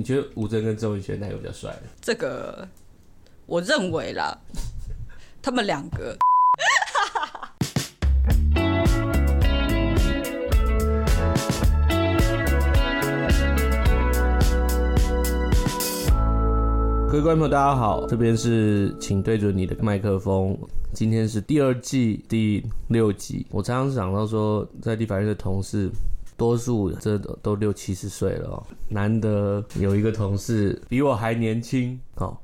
你覺得吳崢跟曾玟學哪個比較帥？這個，我認為了，他們兩個。 各位觀眾朋友，大家好，這邊是請對準你的麥克風。今天是第二季第六集，我常常想到說，在立法院的同事。多數這都六七十歲了、喔，難得有一個同事比我還年輕哦、喔。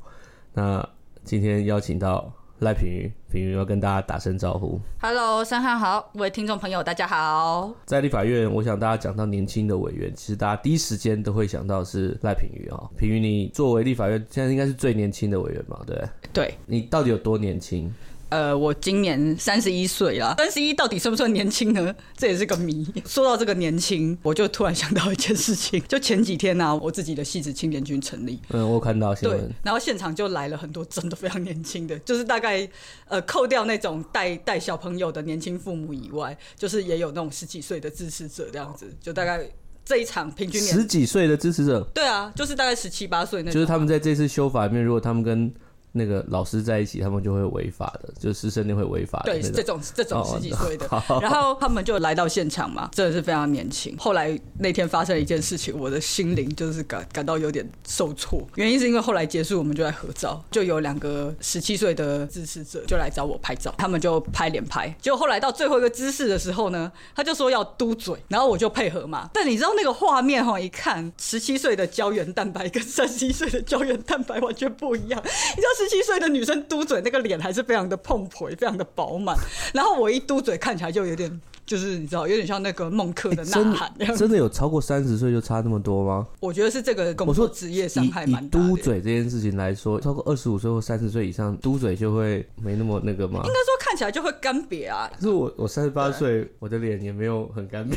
那今天邀請到賴品妤，品妤要跟大家打聲招呼。Hello，申翰好，各位聽眾朋友，大家好。在立法院，我想大家講到年輕的委員，其實大家第一時間都會想到是賴品妤啊、喔。品妤，你作為立法院現在應該是最年輕的委員嘛吧？對？對。你到底有多年輕？呃，我今年三十一歲了，三十一到底算不算年輕呢？這也是個謎。說到這個年輕，我就突然想到一件事情，就前幾天呢、啊，我自己的汐止青年軍成立，嗯，我看到現在，對，然後現場就來了很多真的非常年輕的，就是大概呃，扣掉那種帶帶小朋友的年輕父母以外，就是也有那種十幾歲的支持者，這樣子，就大概這一場平均年十幾歲的支持者，對啊，就是大概十七八歲那、啊，就是他們在這次修法裡面，如果他們跟那個老師在一起，他們就會違法的，就師生就會違法的。對，種這種這種十幾歲的，哦、然後他們就來到現場嘛，好真的是非常年輕。後來那天發生一件事情，我的心靈就是感感到有點受挫，原因是因為後來結束，我們就在合照，就有兩個十七歲的支持者就來找我拍照，他們就拍臉拍，結果後來到最後一個姿勢的時候呢，他就說要嘟嘴，然後我就配合嘛。但你知道那個畫面哈、哦，一看十七歲的膠原蛋白跟三十一歲的膠原蛋白完全不一樣，你知道是。十七歲的女生嘟嘴，那個臉還是非常的澎湃，非常的飽滿。然後我一嘟嘴，看起來就有點。就是你知道，有點像那個孟克的吶喊。真的有超過三十歲就差那麼多嗎？我覺得是這個。我說職業傷害蠻多的。嘟嘴這件事情來說，超過二十五歲或三十歲以上，嘟嘴就會沒那麼那個嗎？應該說看起來就會乾癟啊。可是我我三十八歲，我的臉也沒有很乾癟。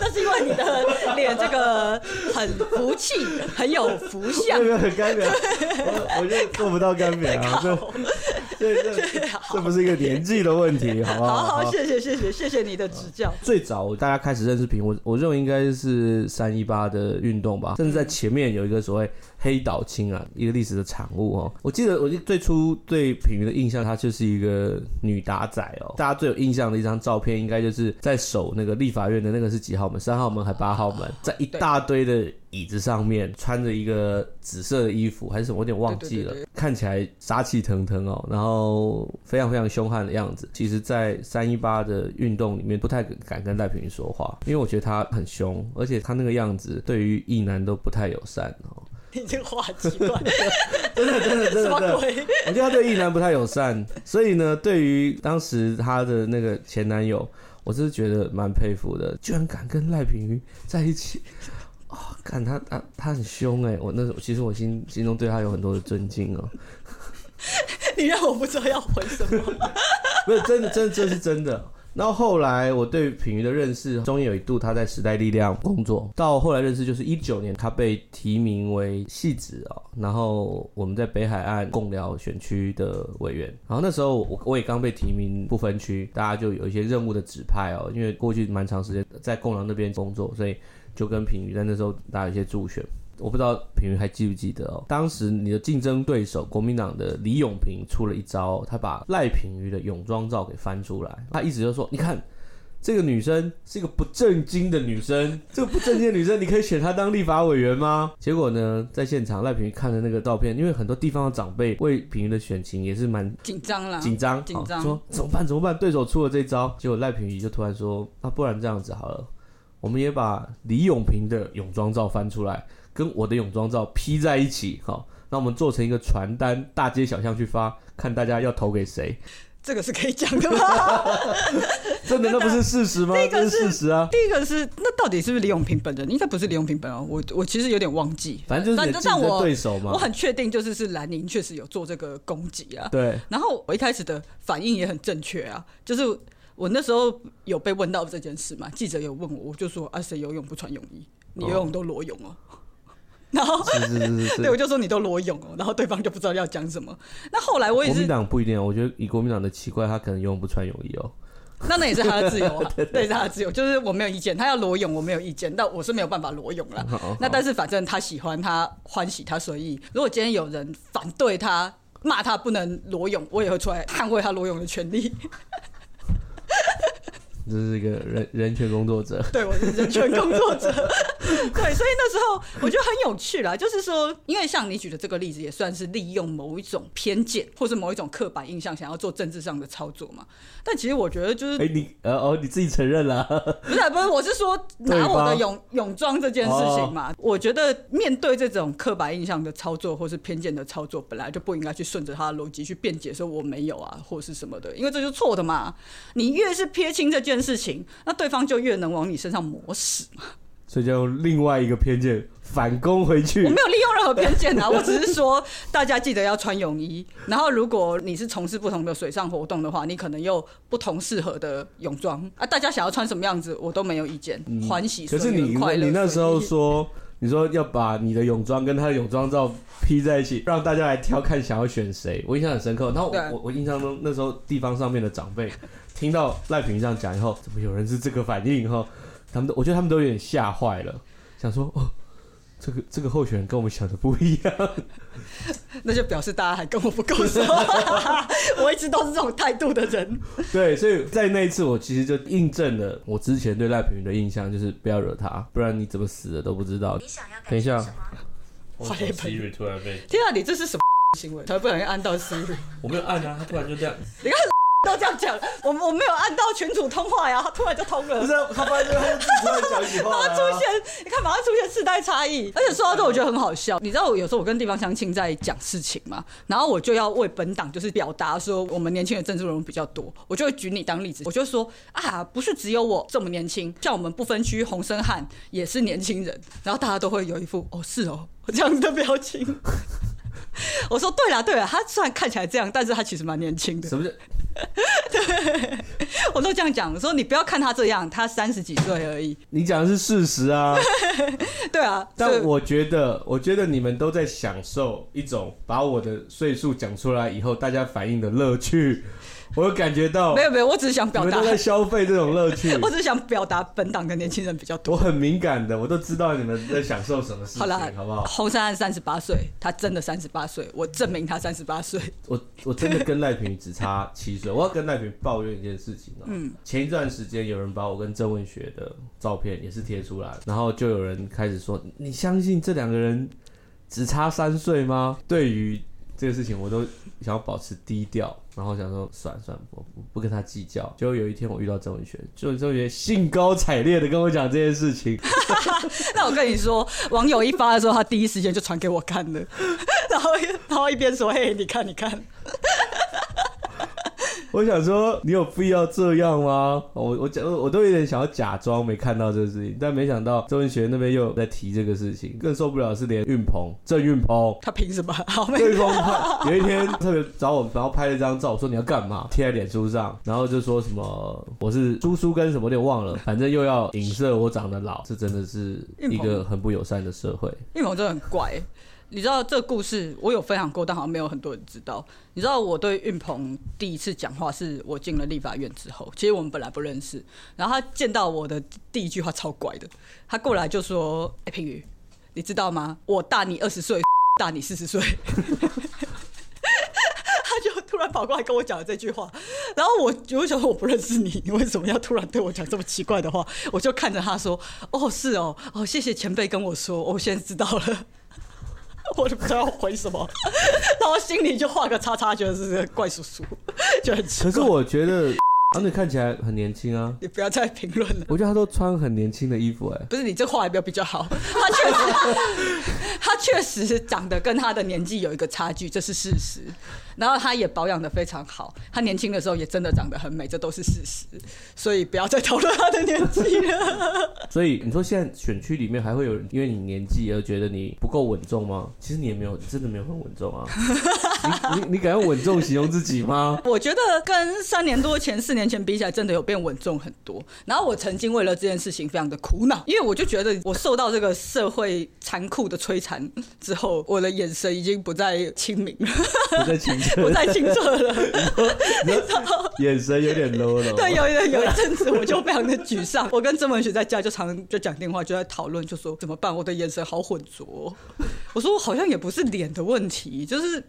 那是因為你的臉這個很福氣，很有福相，對，沒有很乾癟？我就做不到乾癟啊！這這這不是一個年紀的問題，好不好？好，謝謝謝謝謝謝你的指教，哦。最早大家開始認識品妤，我認為應該是三一八的運動吧，甚至在前面有一個所謂。黑島青啊，一個歷史的產物哦。我記得我最初對品妤的印象，她就是一個女打仔哦。大家最有印象的一張照片，應該就是在守那個立法院的那個是幾號門？三號門還八號門？在一大堆的椅子上面，對穿着一個紫色的衣服還是什麼？我有點忘記了。對對對對看起來殺氣騰騰哦，然後非常非常凶悍的樣子。其實，在三一八的運動裡面，不太敢跟賴品妤說話，因為我覺得他很凶，而且他那個樣子對於異男都不太友善哦。已經畫極端了， 真的真的真的，我覺得他對異男不太友善，所以呢，對於當時他的那個前男友，我真是覺得蠻佩服的，居然敢跟賴品妤在一起。看、喔、他他他很凶哎，我那時候其實我心心中對他有很多的尊敬哦。你讓我不知道要回什麼。不是真的真的，這是真的。到後，後來我對品妤的認識，終於有一度他在時代力量工作，到後來認識就是一九年他被提名為汐止哦，然後我們在北海岸貢寮選區的委員，然後那時候我我也剛被提名不分區，大家就有一些任務的指派哦，因為過去蠻長時間在貢寮那邊工作，所以就跟品妤在那時候大家有一些助選。我不知道品妤還記不記得哦？當時你的競爭對手國民黨的李永平出了一招，他把賴品妤的泳裝照給翻出來。他一直就說：“你看，這個女生是一個不正經的女生，這個不正經的女生，你可以選她當立法委員嗎？” 結果呢，在現場賴品妤看了那個照片，因為很多地方的長輩為品妤的選情也是蠻緊張了，緊張啦，緊張，緊張，哦，說怎麼辦？怎麼辦？對手出了這招，結果賴品妤就突然說：“那，啊，不然這樣子好了，我們也把李永平的泳裝照翻出來。”跟我的泳裝照 P 在一起，好，那我們做成一個傳單，大街小巷去發，看大家要投給誰。這個是可以講的嗎？真的，那不是事實嗎？第一個是，這是事實啊。第一個是，那到底是不是李永平本人？應該不是李永平本人。我我其實有點忘記。反正就是對。那就像我，我很確定就是是藍營確實有做這個攻擊啊。對。然後我一開始的反應也很正確啊，就是我那時候有被問到這件事嘛，記者有問我，我就說啊，誰游泳不穿泳衣？你游泳都裸泳哦。 然後，是是是是，對，我就說，你都裸泳哦？然後對方就不知道要講什麼。那後來我也是國民黨不一定，我覺得以國民黨的奇怪，他可能永遠不穿泳衣哦。 那那也是他的自由啊，對，是他的自由，就是我沒有意見，他要裸泳我沒有意見，但我是沒有辦法裸泳了。嗯、好好，那但是反正他喜歡，他歡喜，他隨意。如果今天有人反對他罵他不能裸泳，我也會出來捍衛他裸泳的權利。 就是一個人人權工作者， 對，我是人權工作者， 對，所以那時候我覺得很有趣啦，就是說，因為像你舉的這個例子，也算是利用某一種偏見或是某一種刻板印象，想要做政治上的操作嘛。但其實我覺得就是，哎、欸，你，哦哦，你自己承認了、啊， 不是，不是，我是說拿我的吧泳泳裝這件事情嘛。Oh. 我覺得面對這種刻板印象的操作，或是偏見的操作，本來就不應該去順着他的邏輯去辯解，說我沒有啊，或是什麼的，因為這就是錯的嘛。你越是撇清這件。事情，那對方就越能往你身上磨死嘛。所以就用另外一個偏見反攻回去。我沒有利用任何偏見啊，我只是說 大家記得要穿泳衣。然後如果你是從事不同的水上活動的話，你可能又不同適合的泳裝啊。大家想要穿什麼樣子，我都沒有意見，嗯、歡喜、快樂，可是你你以你那時候說， 你說要把你的泳裝跟他的泳裝照 P 在一起，讓大家來挑看想要選誰， 我印象很深刻。然後我對我印象中那時候地方上面的長輩。聽到賴品妤這樣講以後，怎麼有人是這個反應？哈，他們都，我覺得他們都有點嚇壞了，想說哦，這個這個候選人跟我們想的不一樣，那就表示大家還跟我不夠熟。 我一直都是這種態度的人。 對，所以在那一次，我其實就印證了我之前對賴品妤的印象，就是不要惹他，不然你怎麼死的都不知道。你想要等一下？什麼？我輸入突然被，天啊，你這是什麼 X X 行為？他不小心按到 Siri， 我沒有按啊，他突然就這樣，你看。都這樣講，我我沒有按到群組通話呀，他突然就通了。不是，他發現他出現，你看馬上出現世代差異， 而且說到這我覺得很好笑。你知道我有時候我跟地方鄉親在講事情嘛，然後我就要為本黨就是表達說我們年輕的政治人物比較多，我就會舉你當例子，我就說啊，不是只有我這麼年輕，像我們不分區洪申翰也是年輕人，然後大家都會有一副哦是哦這樣的表情。 我說對啦，對了，他雖然看起來這樣，但是他其實蠻年輕的。是不是？ 對，我都這樣講，我說你不要看他這樣，他三十幾歲而已。你講的是事實啊， 對啊。但我覺得，是我覺得你們都在享受一種把我的歲數講出來以後大家反應的樂趣。我有感覺到，沒有沒有，我只是想表達你們都在消費這種樂趣。 我只是想表達本黨的年輕人比較多。 我很敏感的，我都知道你們在享受什麼事情， 好，啦好不好？洪申翰三十八歲，他真的三十八歲，我證明他三十八歲。我我真的跟賴品妤只差七歲， 我要跟賴品妤抱怨一件事情，喔、嗯。前一段時間有人把我跟曾玟學的照片也是貼出來，然後就有人開始說：“你相信這兩個人只差三歲嗎？”對於。這個事情我都想要保持低調，然後想說，算了算了，我不跟他計較。就有一天我遇到曾玟學，就曾玟學興高采烈的跟我講這件事情。 那我跟你說，網友一發的時候，他第一時間就傳給我看了，然後然後一邊說，嘿，你看你看。 我想說，你有必要這樣嗎？我我我都有點想要假裝沒看到這個事情，但沒想到曾玟學那邊又在提這個事情。更受不了的是連運鵬，鄭運鵬，他憑什麼？鄭運鵬他有一天特別找我，然後拍了一張照，說你要幹嘛？貼在臉書上，然後就說什麼我是叔叔跟什麼，我有點忘了，反正又要影射我長得老。這真的是一個很不友善的社會。運鵬真的很怪欸。你知道這故事，我有分享過，但好像沒有很多人知道。你知道我對運鵬第一次講話，是我進了立法院之後。其實我們本來不認識，然後他見到我的第一句話超怪的，他過來就說：“哎，品妤，你知道嗎？我大你二十歲，大你四十歲。 ”他就突然跑過來跟我講了這句話，然後我我就想說我不認識你，你為什麼要突然對我講這麼奇怪的話？我就看着他說：“哦，是哦，哦，謝謝前輩跟我說，我現在知道了。”我就不知道回什麼，然後心裡就畫個叉叉，覺得是怪叔叔，就很奇怪。可是我覺得，他看起來很年輕啊。你不要再評論了。我覺得他都穿很年輕的衣服，哎。不是你這話也比較比較好。他確實，他確實長得跟他的年紀有一個差距，這是事實。然後他也保養得非常好，他年輕的時候也真的長得很美，這都是事實。所以不要再討論他的年紀了。 所以你說現在選區裡面還會有人因為你年紀而覺得你不夠穩重嗎？其實你也沒有，真的沒有很穩重啊。 你你你敢用穩重形容自己嗎？ 我覺得跟三年多前、四年前比起來，真的有變穩重很多。然後我曾經為了這件事情非常的苦惱，因為我就覺得我受到這個社會殘酷的摧殘之後，我的眼神已經不再清明了，不再清。 不太清楚了， 你知道眼神有點 low 了。 對，有一有一陣子我就非常的沮喪。 我跟曾玟學在家就常就講電話，就在討論，就說怎麼辦？我的眼神好渾濁。我說我好像也不是臉的問題，就是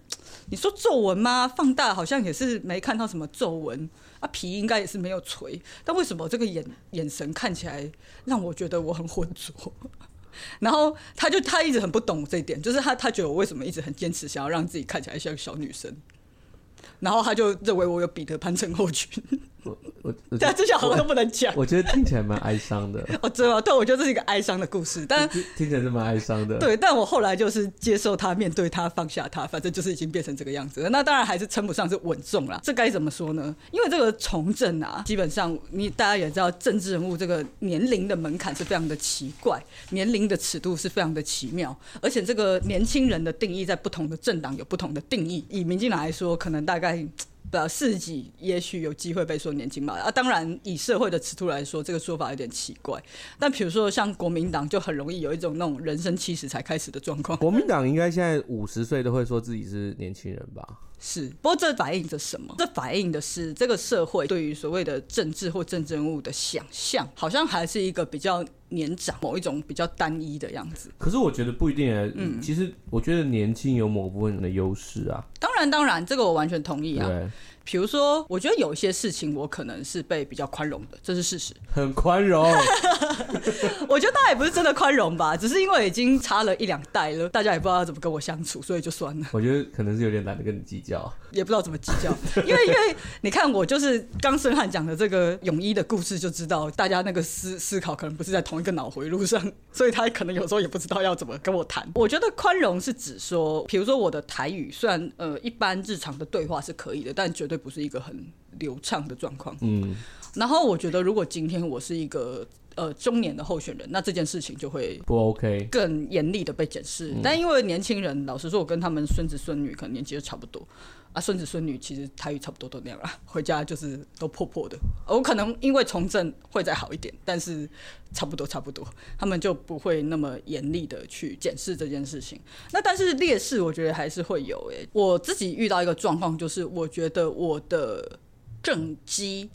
你說皺紋嗎？放大好像也是沒看到什麼皺紋啊，皮應該也是沒有垂，但為什麼這個眼眼神看起來讓我覺得我很渾濁？然後他就他一直很不懂這一點，就是他他覺得我為什麼一直很堅持想要讓自己看起來像個小女生，然後他就認為我有彼得潘症候群。我我大家這些好像都不能講。我覺得聽起來蠻哀傷的。我知道，對，我覺得這是一個哀傷的故事，但聽起來是蠻哀傷的。對，但我後來就是接受他，面對他，放下他，反正就是已經變成這個樣子。那當然還是稱不上是穩重啦。這該怎麼說呢？因為這個從政啊，基本上你大家也知道，政治人物這個年齡的門檻是非常的奇怪，年齡的尺度是非常的奇妙，而且這個年輕人的定義在不同的政黨有不同的定義。以民進黨來說，可能大概。呃，自己也許有機會被說年輕嘛。啊，當然以社會的尺度來說，這個說法有點奇怪。但比如說像國民黨，就很容易有一種那種人生七十才開始的狀況。國民黨應該現在五十歲都會說自己是年輕人吧？是，不過這反映着什麼？這反映的是這個社會對於所謂的政治或政治人物的想象，好像還是一個比較年長、某一種比較單一的樣子。可是我覺得不一定。嗯，其實我覺得年輕有某部分人的優勢啊。當然，當然，這個我完全同意啊。對。比如說，我覺得有一些事情我可能是被比較寬容的，這是事實。很寬容， 我覺得大家也不是真的寬容吧，只是因為已經差了一兩代了，大家也不知道要怎麼跟我相處，所以就算了。我覺得可能是有點懶得跟你計較，也不知道怎麼計較，因為 因為你看我就是剛申翰講的這個泳衣的故事，就知道大家那個思思考可能不是在同一個腦回路上，所以他可能有時候也不知道要怎麼跟我談。我覺得寬容是指說，比如說我的台語雖然呃一般日常的對話是可以的，但絕對，不是一個很流暢的狀況，嗯，然後我覺得如果今天我是一個呃中年的候選人，那這件事情就會不 OK，更嚴厲的被檢視。但因為年輕人，老實說，我跟他們孫子孫女可能年紀都差不多。啊，孫子孫女其實待遇差不多都那樣啦，回家就是都破破的。我、哦、可能因為從政會再好一點，但是差不多差不多，他們就不會那麼嚴厲的去檢視這件事情。那但是劣勢，我覺得還是會有誒、欸。我自己遇到一個狀況，就是我覺得我的政績，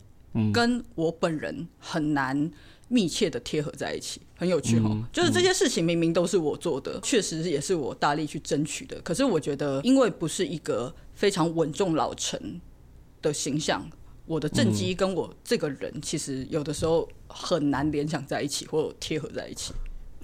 跟我本人很難密切的貼合在一起。很有趣、嗯、就是這些事情明明都是我做的，確實也是我大力去爭取的，可是我覺得因為不是一個。非常穩重老成的形象，我的政績跟我這個人、嗯、其實有的時候很難聯想在一起，或貼合在一起。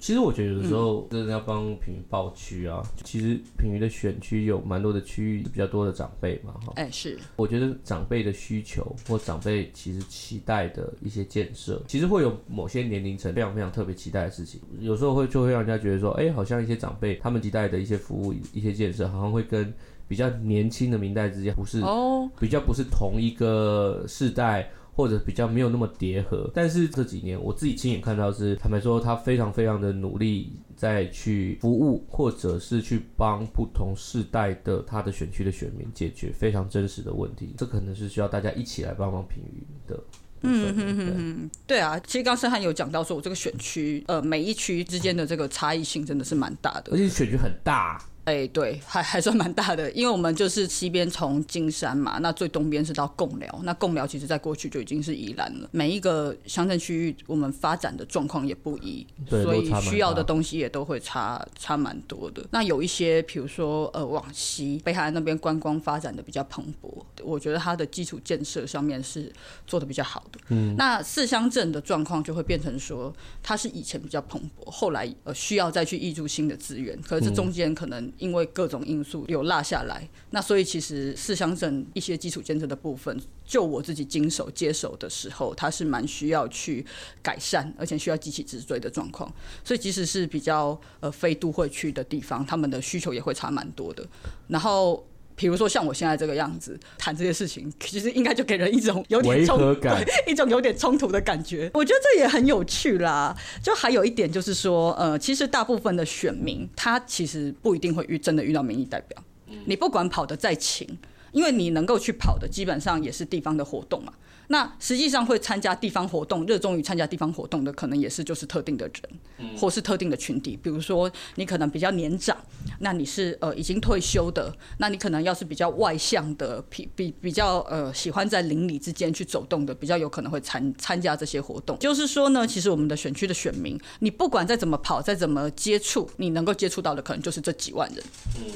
其實我覺得有的時候真的要幫品妤抱屈啊，其實品妤的選區有蠻多的區域比較多的長輩嘛，哈。哎、欸，是。我覺得長輩的需求或長輩其實期待的一些建設，其實會有某些年齡層非常非常特別期待的事情。有時候會就會讓人家覺得說，哎、欸，好像一些長輩他們期待的一些服務一些建設，好像會跟。比較年輕的明代之間不是哦，oh. 比較不是同一個世代，或者比較沒有那麼疊合。但是這幾年我自己親眼看到是，坦白說他非常非常的努力，在去服務或者是去幫不同世代的他的選區的選民解決非常真實的問題。這可能是需要大家一起來幫忙品妤的嗯對嗯嗯，嗯對啊，其實剛剛申翰有講到說，我這個選區、嗯、呃每一區之間的這個差異性真的是蠻大的，嗯、對而且選區很大。哎、欸，對，還還算蠻大的，因為我們就是西邊從金山嘛，那最東邊是到貢寮，那貢寮其實在過去就已經是宜蘭了。每一個鄉鎮區域，我們發展的狀況也不一，對所以需要的東西也都會差差蠻多的。那有一些，比如說呃，往西北海岸那邊觀光發展的比較蓬勃，我覺得它的基礎建設上面是做的比較好的。嗯，那四鄉鎮的狀況就會變成說，它是以前比較蓬勃，後來呃需要再去挹注新的資源，可是中間可能、嗯。因為各種因素有落下來，那所以其實四鄉鎮一些基礎建設的部分，就我自己經手接手的時候，它是蠻需要去改善，而且需要急起直追的狀況。所以即使是比較呃非都會區的地方，他們的需求也會差蠻多的。然後。比如說像我現在這個樣子談這些事情，其實應該就給人一種有點衝 一種有點衝突的感覺。我覺得這也很有趣啦。就還有一點就是說，呃，其實大部分的選民他其實不一定會遇真的遇到民意代表。嗯、你不管跑得再勤，因為你能夠去跑的基本上也是地方的活動嘛。那實際上會參加地方活動，熱衷於參加地方活動的，可能也是就是特定的人，或是特定的群體。比如說，你可能比較年長，那你是呃已經退休的，那你可能要是比較外向的，比比比較呃喜歡在鄰里之間去走動的，比較有可能會參參加這些活動。就是說呢，其實我們的選區的選民，你不管再怎麼跑，再怎麼接觸，你能夠接觸到的可能就是這幾萬人。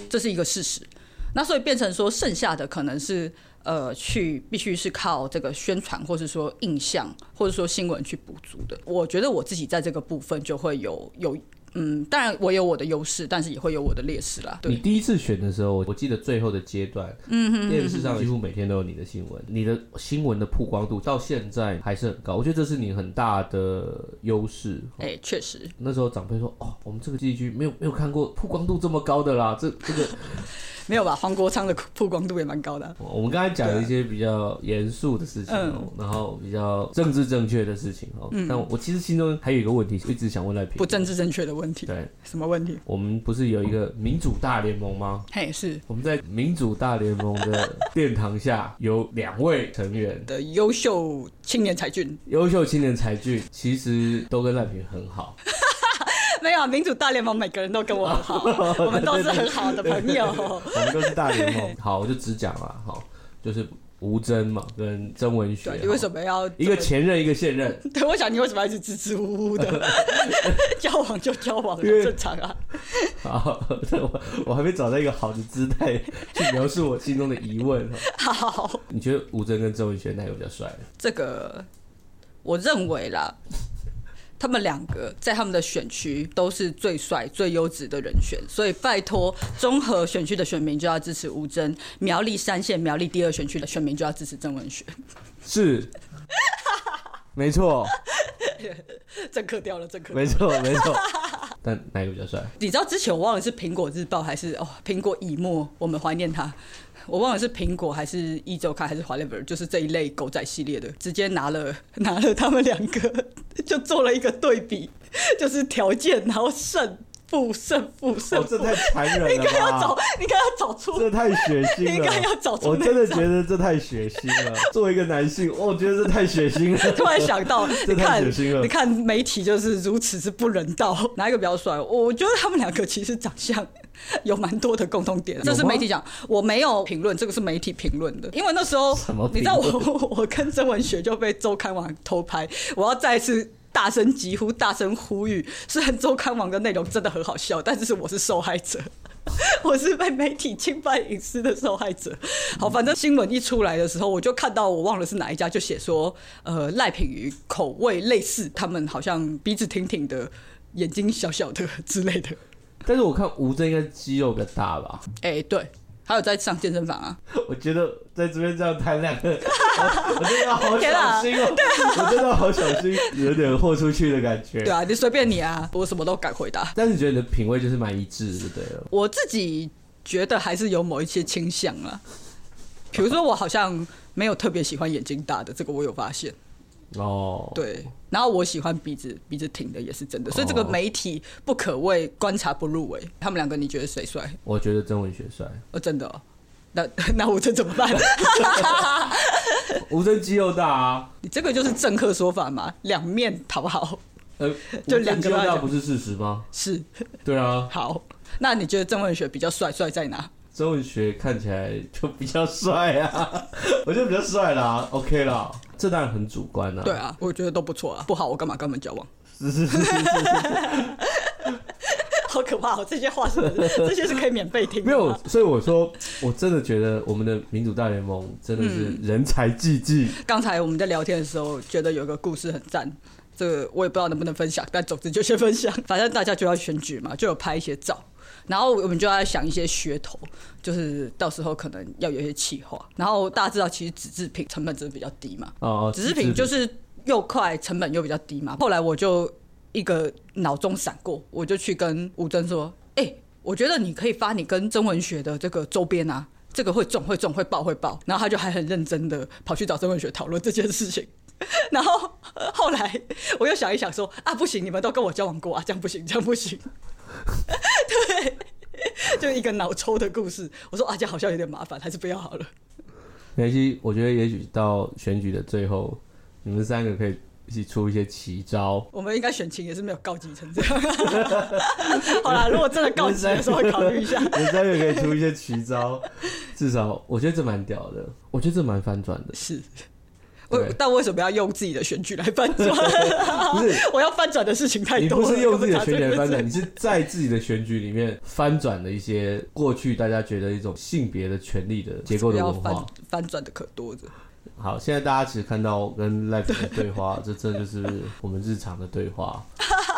這是一個事實。那所以變成說，剩下的可能是。呃，去必須是靠這個宣傳，或者說印象，或者說新聞去補足的。我覺得我自己在這個部分就會有有，嗯，當然我有我的優勢，但是也會有我的劣勢啦。對，你第一次選的時候，我記得最後的階段，嗯哼嗯哼嗯哼，電視上幾乎每天都有你的新聞，你的新聞的曝光度到現在還是很高，我覺得這是你很大的優勢。哎、欸，確實，那時候長輩說：“哦，我們這個地區沒有沒有看過曝光度這麼高的啦，這這個。” 沒有吧？黃國昌的曝光度也蠻高的、啊。我們剛才講了一些比較嚴肅的事情、喔，嗯、然後比較政治正確的事情、喔嗯、但我其實心中還有一個問題，一直想問賴品妤、喔。不政治正確的問題。對，什麼問題？我們不是有一個民主大聯盟嗎？嘿、嗯，是。我們在民主大聯盟的殿堂下，有兩位成員、嗯、的優秀青年才俊。優秀青年才俊其實都跟賴品妤很好。沒有、啊、民主大聯盟，每個人都跟我很好，哦、我們都是很好的朋友。我們都是大聯盟，對對對 好，我就只講了，好，就是吳崢嘛，跟曾玟學。對好你為什麼要麼一個前任，一個現任？對，我想你為什麼要一直支支吾吾的？ 交往就交往、啊，對 正常啊。好，我我還沒找到一個好的姿態去描述我心中的疑問。好，好好好，你覺得吳崢跟曾玟學哪個比較帥？這個我認為啦。他們兩個在他們的選區都是最帥、最優質的人選，所以拜托，中和選區的選民就要支持吳崢；苗栗三線苗栗第二選區的選民就要支持曾玟學。是， 沒錯。政客掉了政客，沒錯沒錯。 但哪一個比較帥？你知道之前我忘了是蘋果日報還是哦、oh, 蘋果以沫，我們懷念他。我忘了是蘋果還是壹週刊，還是 whatever，就是這一類狗仔系列的，直接拿了拿了他們兩個，就做了一個對比，就是條件，然後勝負勝負勝負，哦，這太殘忍了，應該要找，應該要找錯。這太血腥了。應該要找錯。我真的覺得這太血腥了。作為一個男性，我覺得這太血腥了。 突然想到， 你看你看媒體就是如此之不人道。哪一個比較帥？我覺得他們兩個其實長相。有蠻多的共同點，啊，這是媒體講，我沒有評論，這個是媒體評論的，因為那時候你知道我我跟曾玟學就被周刊王偷拍，我要再次大聲疾呼，大聲呼籲，雖然周刊王的內容真的很好笑，但是我是受害者，我是被媒體侵犯隱私的受害者。好，反正新聞一出來的時候，我就看到我忘了是哪一家就寫說，呃，賴品妤口味類似他們，好像鼻子挺挺的，眼睛小小的之類的。但是我看吳尊應該肌肉更大吧？哎、欸，對，還有在上健身房啊。我覺得在這邊這樣談兩個， 我真的好小心哦、喔，啊對啊、我真的好小心，有點豁出去的感覺。對啊，你隨便你啊， 我什麼都敢回答。但是覺得你的品味就是蠻一致的，對了，我自己覺得還是有某一些傾向了。比如說我好像沒有特別喜歡眼睛大的，這個我有發現。哦，oh. 對，然後我喜歡鼻子，鼻子挺的也是真的，oh. 所以這個媒體不可謂觀察不入微。他們兩個你覺得誰帥？我覺得曾玟學帥。哦，真的、哦？那那吳崢怎麼辦？吳崢 肌肉大啊！你這個就是政客說法嘛，兩面討好。呃、欸，就兩個肌肉大不是事實嗎？ 是。 對啊。好，那你覺得曾玟學比較帥？帥在哪？曾玟學看起來就比較帥啊，我覺得比較帥啦、啊、，OK 啦，這當然很主觀啦、啊。對啊，我覺得都不錯啊，不好我幹嘛跟他們交往？是是是是好可怕、喔！哦，這些話是，是 這些是可以免費聽的？沒有，所以我說我真的覺得我們的民主大聯盟真的是人才濟濟。剛、嗯、才我們在聊天的時候，覺得有一個故事很贊，這個我也不知道能不能分享，但總之就先分享，反正大家就要選舉嘛，就有拍一些照。然後我們就要想一些噱頭，就是到時候可能要有一些企劃。然後大家知道，其實紙製品成本真的比較低嘛，哦,哦，紙製品就是又快，成本又比較低嘛。後來我就一個腦中閃過，我就去跟吳崢說：“哎、欸，我覺得你可以發你跟曾玟學的這個周邊啊，這個會中、會中、會爆，會爆。”然後他就還很認真的跑去找曾玟學討論這件事情。然後、呃、後來我又想一想說：“啊，不行，你們都跟我交往過啊，這樣不行，這樣不行。” 對，就一個腦抽的故事。我說啊，這好像有點麻煩，還是不要好了。沒關係，我覺得也許到選舉的最後，你們三個可以一起出一些奇招。我們應該選情也是沒有告急成這樣。好啦，如果真的告急的時候會考慮一下。你 們三個可以出一些奇招，至少我覺得這蠻屌的。我覺得這蠻翻轉的。是。對但為什麼要用自己的選舉來翻轉、啊？ 不是，我要翻轉的事情太多了。你不是用自己的選舉來翻轉， 你是在自己的選舉裡面翻轉了一些過去大家覺得一種性別的權力的結構的文化。翻轉的可多着。好，現在大家其實看到跟 Life 的對話，對，這這就是我們日常的對話。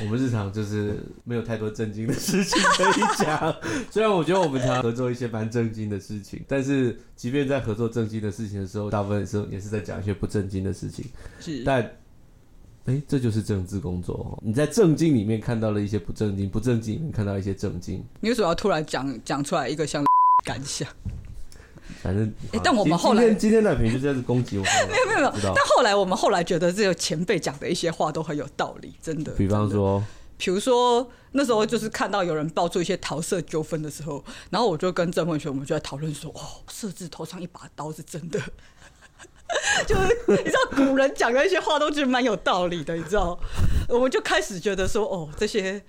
我們日常就是沒有太多正經的事情可以講， 雖然我覺得我們常合作一些蠻正經的事情，但是即便在合作正經的事情的時候，大部分時候也是在講一些不正經的事情。是，但，哎、欸，這就是政治工作。你在正經裡面看到了一些不正經，不正經裡面看到一些正經。你為什麼要突然講講出來一個像 X X 感想？反正，欸、但我們後來今天那群就在攻擊我，沒有沒有沒有。但後來我們後來覺得，這個前輩講的一些話都很有道理，真的。比方說，比如說那時候就是看到有人爆出一些桃色糾紛的時候，然後我就跟曾玟學，我們就在討論說，哦，色字頭上一把刀是真的，就是你知道古人講的一些話都覺得蠻有道理的，你知道，我們就開始覺得說，哦，這些。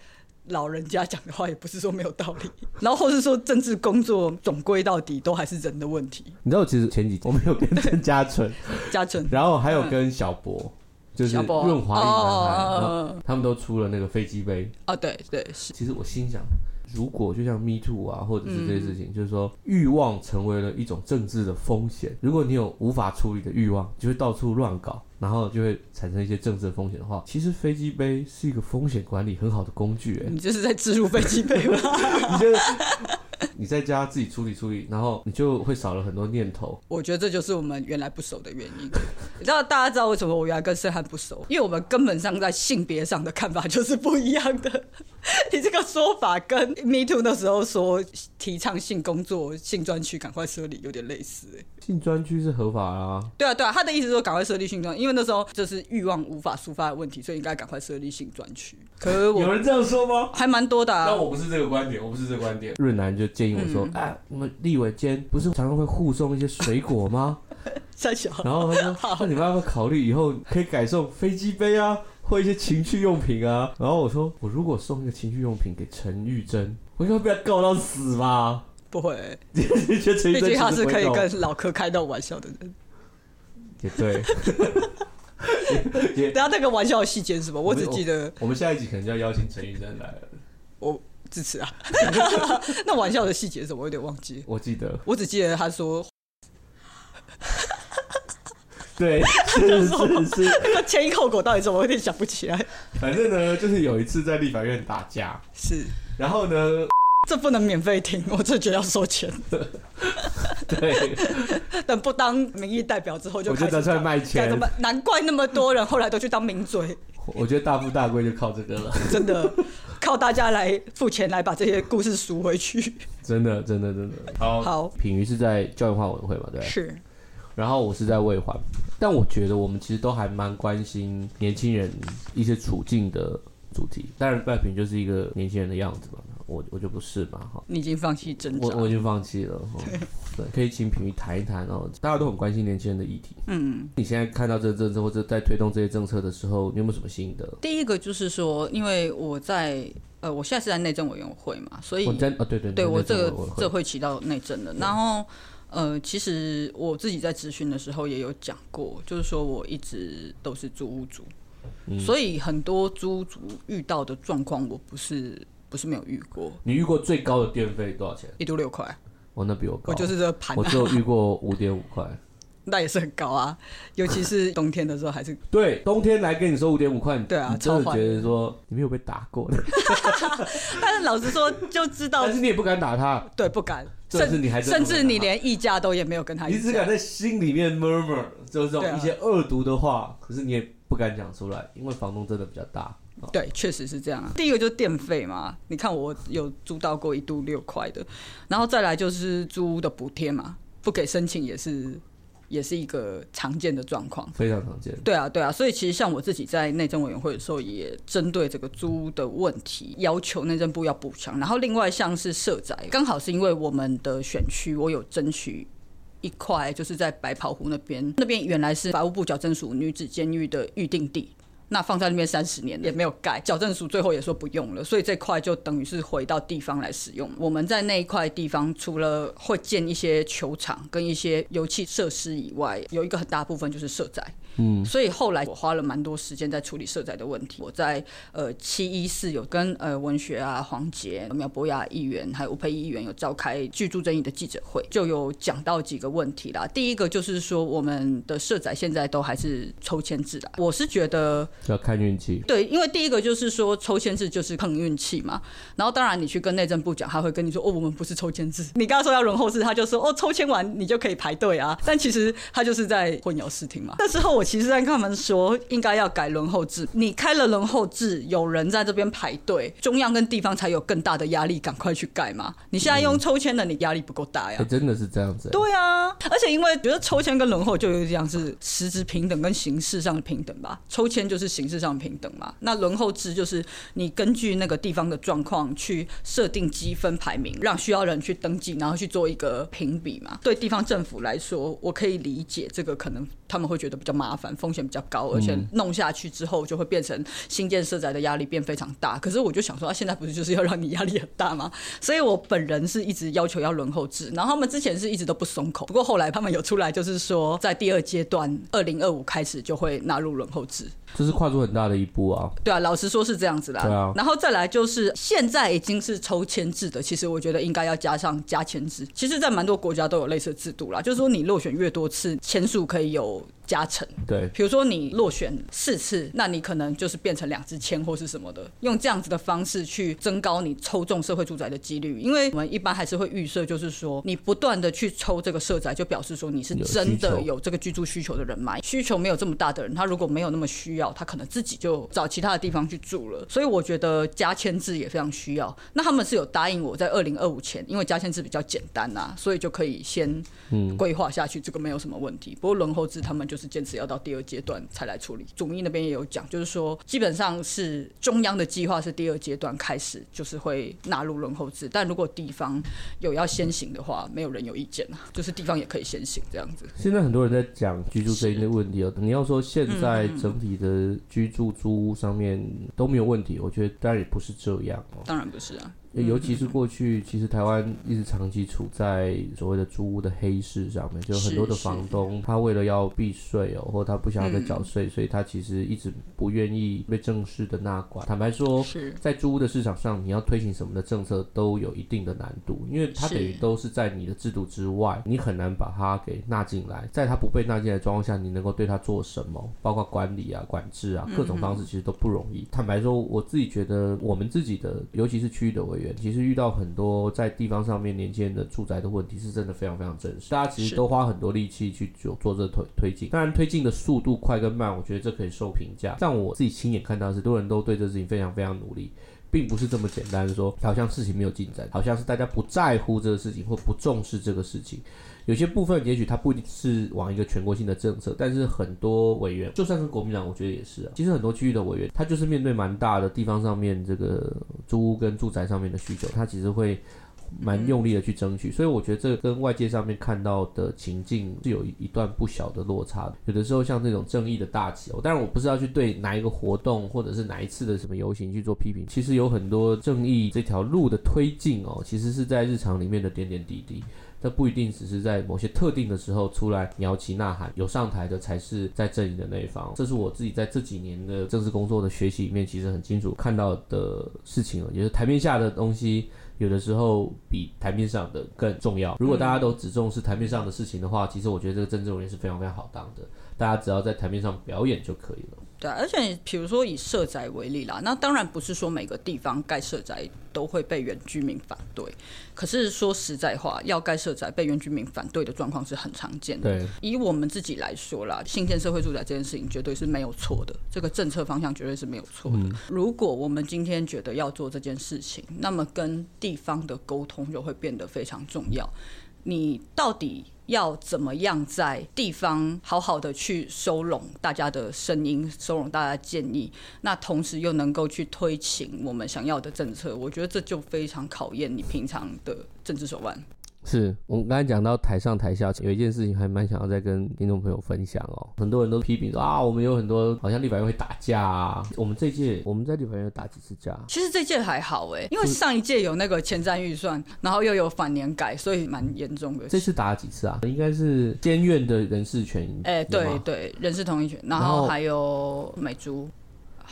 老人家講的話也不是說沒有道理，然後或是說政治工作總歸到底都還是人的問題。你知道，其實前幾天我沒有跟家純家純，然後還有跟小博，嗯、就是潤滑一排，柏然後他們都出了那個飛機杯啊。對對，是。其實我心想。如果就像 Me Too 啊，或者是這些事情，嗯、就是說，慾望成為了一種政治的風險。如果你有無法處理的慾望，就會到處亂搞，然後就會產生一些政治的風險的話，其實飛機杯是一個風險管理很好的工具欸。哎，你就是在置入飛機杯嗎？ 你就是你在家自己處理處理，然後你就會少了很多念頭。我覺得這就是我們原來不熟的原因。你知道，大家知道為什麼我原來跟申翰不熟？因為我們根本上在性別上的看法就是不一樣的。 你這個說法跟 MeToo 的時候說提倡性工作、性專區趕快設立有點類似、欸，哎，性專區是合法啊？對啊，對啊，他的意思是說趕快設立性專，因為那時候這是欲望無法抒發的問題，所以應該趕快設立性專區。可是我有人這樣說嗎？還蠻多的啊。但我不是這個觀點，我不是這個觀點。潤南就建議我說，哎、嗯啊，我們立委間不是常常會互送一些水果嗎？三小 了。然後他說，好那你們要不要考慮以後可以改送飛機杯啊？會一些情趣用品啊，然後我說，我如果送一個情趣用品給陳玉珍，我應該被他告到死吧？不會、欸，畢竟他是可以跟老柯開到玩笑的人，也對。然 後也那個玩笑的細節是什麼？我，們我，我只記得我，我們下一集可能就要邀請陳玉珍來了，我支持啊。 那玩笑的細節是什麼？我有點忘記。我記得，我只記得他說。對，那個前因後果到底怎麼，有點想不起來。反正呢，就是有一次在立法院打架，是。然後呢，這不能免費聽，我就覺得要收錢。對。等不當民意代表之後，我就拿出來賣錢。怎麼？難怪那麼多人後來都去當名嘴。我覺得大富大貴就靠這個了。真的，靠大家來付錢來把這些故事贖回去。真的，真的，真的。好，品妤是在教育化委會吧？對。是。然後我是在未還，但我覺得我們其實都還蠻關心年輕人一些處境的主題，當然，品妤就是一個年輕人的樣子嘛，我我就不是嘛。哈，你已經放棄掙扎，我我已經放棄了。對、哦、對，可以請品妤談一談哦。大家都很關心年輕人的議題。嗯，你現在看到這政策或者在推動這些政策的時候，你有沒有什麼心得？第一個就是說，因為我在呃，我現在是在內政委員會嘛，所以我在、啊、對對對，對，我這個我會這會起到內政的，然後。嗯呃，其實我自己在諮詢的時候也有講過，就是說我一直都是租屋族，嗯、所以很多租屋族遇到的狀況，我不是不是沒有遇過。你遇過最高的電費多少錢？一度六塊，哦，那比我高。我就是這個盤、啊，我就遇過五點五塊， 那也是很高啊，尤其是冬天的時候還是。 對，冬天來跟你說五點五塊、嗯，對啊，真的覺得說你沒有被打過。 但是老實說就知道，但是你也不敢打他， 對，不敢。甚至你還，甚至你連議價都也沒有跟他，你只敢在心裡面 murmur、嗯、就是這種一些惡毒的話，啊、可是你也不敢講出來，因為房東真的比較大。哦、對，確實是這樣、啊。第一個就是電費嘛，你看我有租到過一度六塊的，然後再來就是租屋的補貼嘛，不給申請也是。也是一個常見的狀況，非常常見。對啊，對啊，所以其實像我自己在內政委員會的時候，也針對這個租屋的問題，要求內政部要補強。然後另外像是社宅，剛好是因為我們的選區，我有爭取一塊，就是在白袍湖那邊，那邊原來是法務部矯正署女子監獄的預定地。那放在那邊三十年了也沒有蓋，矯正署最後也說不用了，所以這塊就等於是回到地方來使用。我們在那一塊地方，除了會建一些球場跟一些遊憩設施以外，有一個很大部分就是社宅。嗯，所以後來我花了蠻多時間在處理社宅的問題。我在呃七一四有跟呃玟學啊、黃捷、苗博雅議員，還有吳沛憶議員有召開居住正義的記者會，就有講到幾個問題啦。第一個就是說，我們的社宅現在都還是抽籤制的。我是覺得要看運氣。對，因為第一個就是說抽籤制就是碰運氣嘛。然後當然你去跟內政部講，他會跟你說哦，我們不是抽籤制。你剛剛說要輪候制，他就說哦，抽籤完你就可以排隊啊。但其實他就是在混淆視聽嘛。那時候我。其實在他們說應該要改輪候制，你開了輪候制，有人在這邊排隊，中央跟地方才有更大的壓力，趕快去改嘛。你現在用抽籤的，你壓力不夠大呀。真的是這樣子？對啊，而且因為覺得抽簽跟輪候就有這樣，是實質平等跟形式上的平等吧。抽簽就是形式上平等嘛，那輪候制就是你根據那個地方的狀況去設定積分排名，讓需要人去登記，然後去做一個評比嘛。對地方政府來說，我可以理解這個，可能他們會覺得比較麻反風險比較高，而且弄下去之後就會變成新建社宅的壓力變非常大。可是我就想說、啊，他現在不是就是要讓你壓力很大嗎？所以我本人是一直要求要輪候制，然後他們之前是一直都不鬆口。不過後來他們有出來，就是說在第二階段二零二五開始就會納入輪候制。這是跨出很大的一步啊！對啊，老實說是這樣子啦。對啊，然後再來就是現在已經是抽籤制的，其實我覺得應該要加上加籤制。其實，在蠻多國家都有類似的制度啦，就是說你落選越多次，籤數可以有加成。對，比如說你落選四次，那你可能就是變成兩支籤或是什麼的，用這樣子的方式去增高你抽中社會住宅的幾率。因為我們一般還是會預設，就是說你不斷的去抽這個社宅，就表示說你是真的有這個居住需求的人嘛。需求，需求沒有這麼大的人，他如果沒有那麼需。要他可能自己就找其他的地方去住了，所以我覺得加籤制也非常需要。那他們是有答應我在二零二五前，因為加籤制比較簡單啊，所以就可以先規劃下去，這個沒有什麼問題。不過輪候制他們就是堅持要到第二階段才來處理。總醫那邊也有講，就是說基本上是中央的計劃是第二階段開始就是會納入輪候制，但如果地方有要先行的話，沒有人有意見啊，就是地方也可以先行這樣子。現在很多人在講居住這一類問題啊，你要說現在整體的。呃，居住租屋上面都沒有問題，我覺得當然也不是這樣哦。當然不是啊。尤其是過去，嗯、哼其實台灣一直長期處在所謂的租屋的黑市上面，就很多的房東他為了要避稅哦，或者他不想要再繳稅，嗯、哼所以他其實一直不願意被正式的納管。坦白說，是在租屋的市場上，你要推行什麼的政策都有一定的難度，因為它等於都是在你的制度之外，是你很難把它給納進來。在它不被納進來的狀況下，你能夠對它做什麼，包括管理啊、管制啊，各種方式其實都不容易。嗯、哼坦白說，我自己覺得我們自己的，尤其是區域的委員。其實遇到很多在地方上面年輕人的住宅的問題，是真的非常非常真實。大家其實都花很多力氣去做做這推推進。當然推進的速度快跟慢，我覺得這可以受評價。像我自己親眼看到，很多人都對這個事情非常非常努力，並不是這麼簡單說，好像事情沒有進展，好像是大家不在乎這個事情或不重視這個事情。有些部分也許它不一定是往一個全國性的政策，但是很多委員，就算是國民黨，我覺得也是啊。其實很多區域的委員，他就是面對蠻大的地方上面這個租屋跟住宅上面的需求，他其實會蠻用力的去爭取。所以我覺得這跟外界上面看到的情境是有一段不小的落差的。有的時候像這種正義的大旗喔，當然我不是要去對哪一個活動或者是哪一次的什麼遊行去做批評。其實有很多正義這條路的推進哦，其實是在日常裡面的點點滴滴。這不一定只是在某些特定的時候出來搖旗吶喊，有上台的才是在正義的那一方。這是我自己在這幾年的政治工作的學習裡面，其實很清楚看到的事情了。也就是台面下的東西，有的時候比台面上的更重要。如果大家都只重視台面上的事情的話，其實我覺得這個政治委員是非常非常好當的，大家只要在台面上表演就可以了。對、啊，而且比如說以社宅為例啦，那當然不是說每個地方蓋社宅都會被原居民反對，可是說實在話，要蓋社宅被原居民反對的狀況是很常見的。對以我們自己來說啦，新建社會住宅這件事情絕對是沒有錯的，這個政策方向絕對是沒有錯的。嗯、如果我們今天覺得要做這件事情，那麼跟地方的溝通就會變得非常重要。你到底要怎麼樣在地方好好的去收攏大家的聲音，收攏大家的建議，那同時又能夠去推行我們想要的政策？我覺得這就非常考驗你平常的政治手腕。是我們剛才講到台上台下，有一件事情還蠻想要再跟聽眾朋友分享哦。很多人都批評說啊，我們有很多好像立法院會打架啊。我們這屆我們在立法院會打幾次架？其實這屆還好哎，因為上一屆有那個前瞻預算，是然後又有反年改，所以蠻嚴重的。這次打了幾次啊？應該是監院的人事權，哎、欸，嗎對對，人事同意權，然後,然,後然後還有美豬。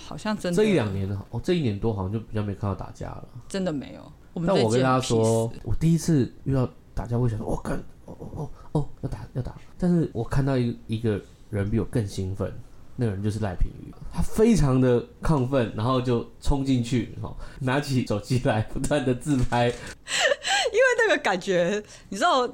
好像真的這一兩年哦，這一年多好像就比較沒看到打架了，真的沒有。但我,我跟大家說，Peace 我第一次遇到。打架會想說，我、哦、看，哦哦哦哦，要打要打！但是我看到一一個人比我更興奮，那個人就是賴品妤。他非常的亢奮，然後就衝進去，拿起手機來不斷的自拍，因為那個感覺你知道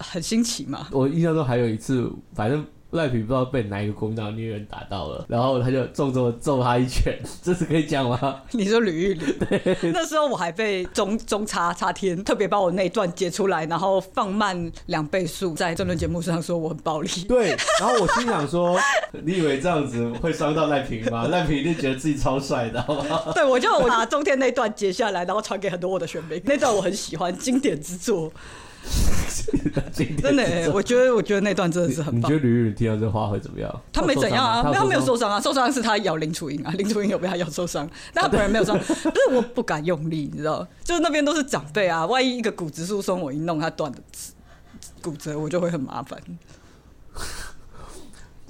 很新奇嘛。我印象中還有一次，反正。賴皮不知道被哪一個公道女人打到了，然後他就重重揍他一拳。這次可以講嗎？你說呂玉玲？對那時候我還被中中差差天，特別把我那一段截出來，然後放慢兩倍速，在政論節目上說我很暴力。嗯、對，然後我心想說， 你以為這樣子會傷到賴皮嗎？賴 皮一定覺得自己超帥的。好不好對，我就把中天那段截下來，然後傳給很多我的選民，那段我很喜歡 經典之作。 真的耶，我覺得，你我覺得那段真的是很棒。你，你覺得呂雨聽到這話會怎麼樣？他沒怎樣啊，沒他沒有受傷啊，受傷是他咬林楚茵啊，林楚茵有被他咬受傷， 但他本人沒有傷。 但是我不敢用力，你知道，就是那邊都是長輩啊，萬一一個骨質疏鬆，我一弄他斷的骨骨折，我就會很麻煩。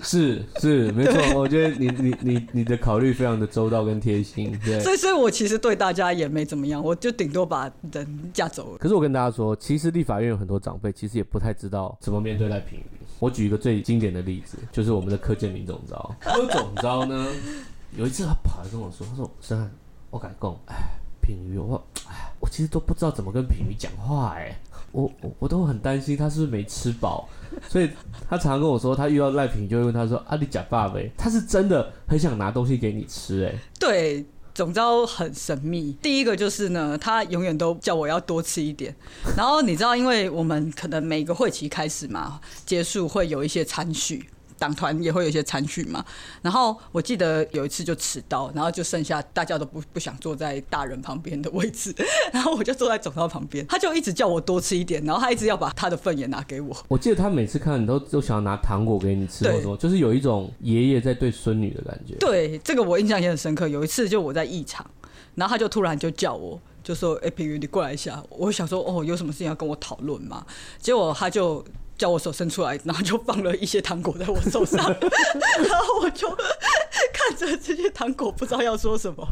是是沒錯，對 我覺得你你你你的考慮非常的周到跟貼心，對。所以所以我其實對大家也沒怎麼樣，我就頂多把人架走了。可是我跟大家說，其實立法院有很多長輩，其實也不太知道怎麼面對賴品妤。我舉一個最經典的例子，就是我們的柯建銘總召。柯總召呢， 有一次他跑來跟我說，他說：“申翰，我敢講，哎，品妤，我哎，我其實都不知道怎麼跟品妤講話、欸。”我我都很擔心他是不是沒吃飽， 所以他常常跟我說，他遇到賴品就會問他說：“啊，你呷飽沒？”他是真的很想拿東西給你吃哎、欸，對，總之很神秘。第一個就是呢，他永遠都叫我要多吃一點，然後你知道，因為我們可能每個會期開始嘛，結束會有一些餐敘。黨團也會有一些餐敘嘛，然後我記得有一次就遲到，然後就剩下大家都不不想坐在大人旁邊的位置，然後我就坐在總召旁邊，他就一直叫我多吃一點，然後他一直要把他的份也拿給我。我記得他每次看你都都想要拿糖果給你吃，對或什麼，就是有一種爺爺在對孫女的感覺。對，這個我印象也很深刻。有一次就我在議場，然後他就突然就叫我就說：“哎、欸，品妤，你過來一下。”我想說：“哦，有什麼事情要跟我討論嘛？”結果他就。叫我手伸出來，然後就放了一些糖果在我手上， 然後我就看着這些糖果，不知道要說什麼，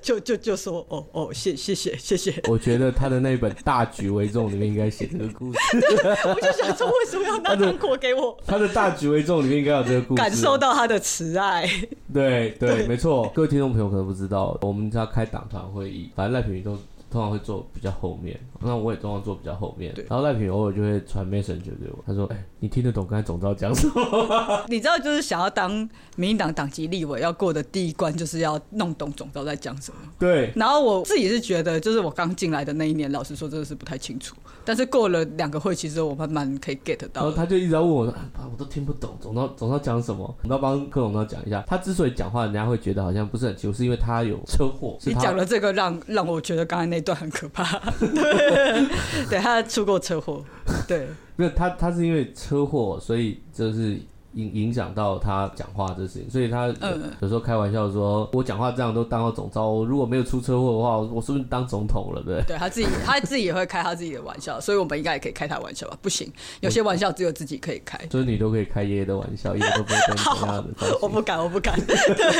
就就就說：“哦哦，謝謝謝謝謝。謝謝”我覺得他的那本《大局為重》裡面應該寫這個故事。 我就想說，為什麼要拿糖果給我？他的《大局為重》裡面應該有這個故事，啊，感受到他的慈愛。對對，對對沒錯。各位聽眾朋友可能不知道，我們家開黨團會議，反正賴品妤都通常會坐比較後面。那我也通常坐比較後面，對然後賴品偶爾就會傳 message 對我，他說：“哎、欸，你聽得懂剛才總召講什麼？” 你知道，就是想要當民進黨黨籍立委要過的第一關，就是要弄懂總召在講什麼。對。然後我自己是覺得，就是我剛進來的那一年，老實說這個是不太清楚，但是過了兩個會期之後，我慢慢可以 get 到。然後他就一直要問我，說、哎：“我都聽不懂總召總召講什麼？”你要幫柯總召講一下。他之所以講話，人家會覺得好像不是很清楚，是因為他有車禍。你講了這個讓，讓讓我覺得剛才那段很可怕。對。 對他出過車禍，對， 沒有他，他是因為車禍，所以就是。影影響到他講話這事情，所以他有、嗯、有時候開玩笑說：“我講話這樣都當了總召，如果沒有出車禍的話，我是不是當總統了？”對？對，他自己， 他自己也會開他自己的玩笑，所以我們應該也可以開他玩笑吧？不行，有些玩笑只有自己可以開。嗯，就是你都可以開爺爺的玩笑，爺爺都不會跟其他的。我不敢，我不敢。對，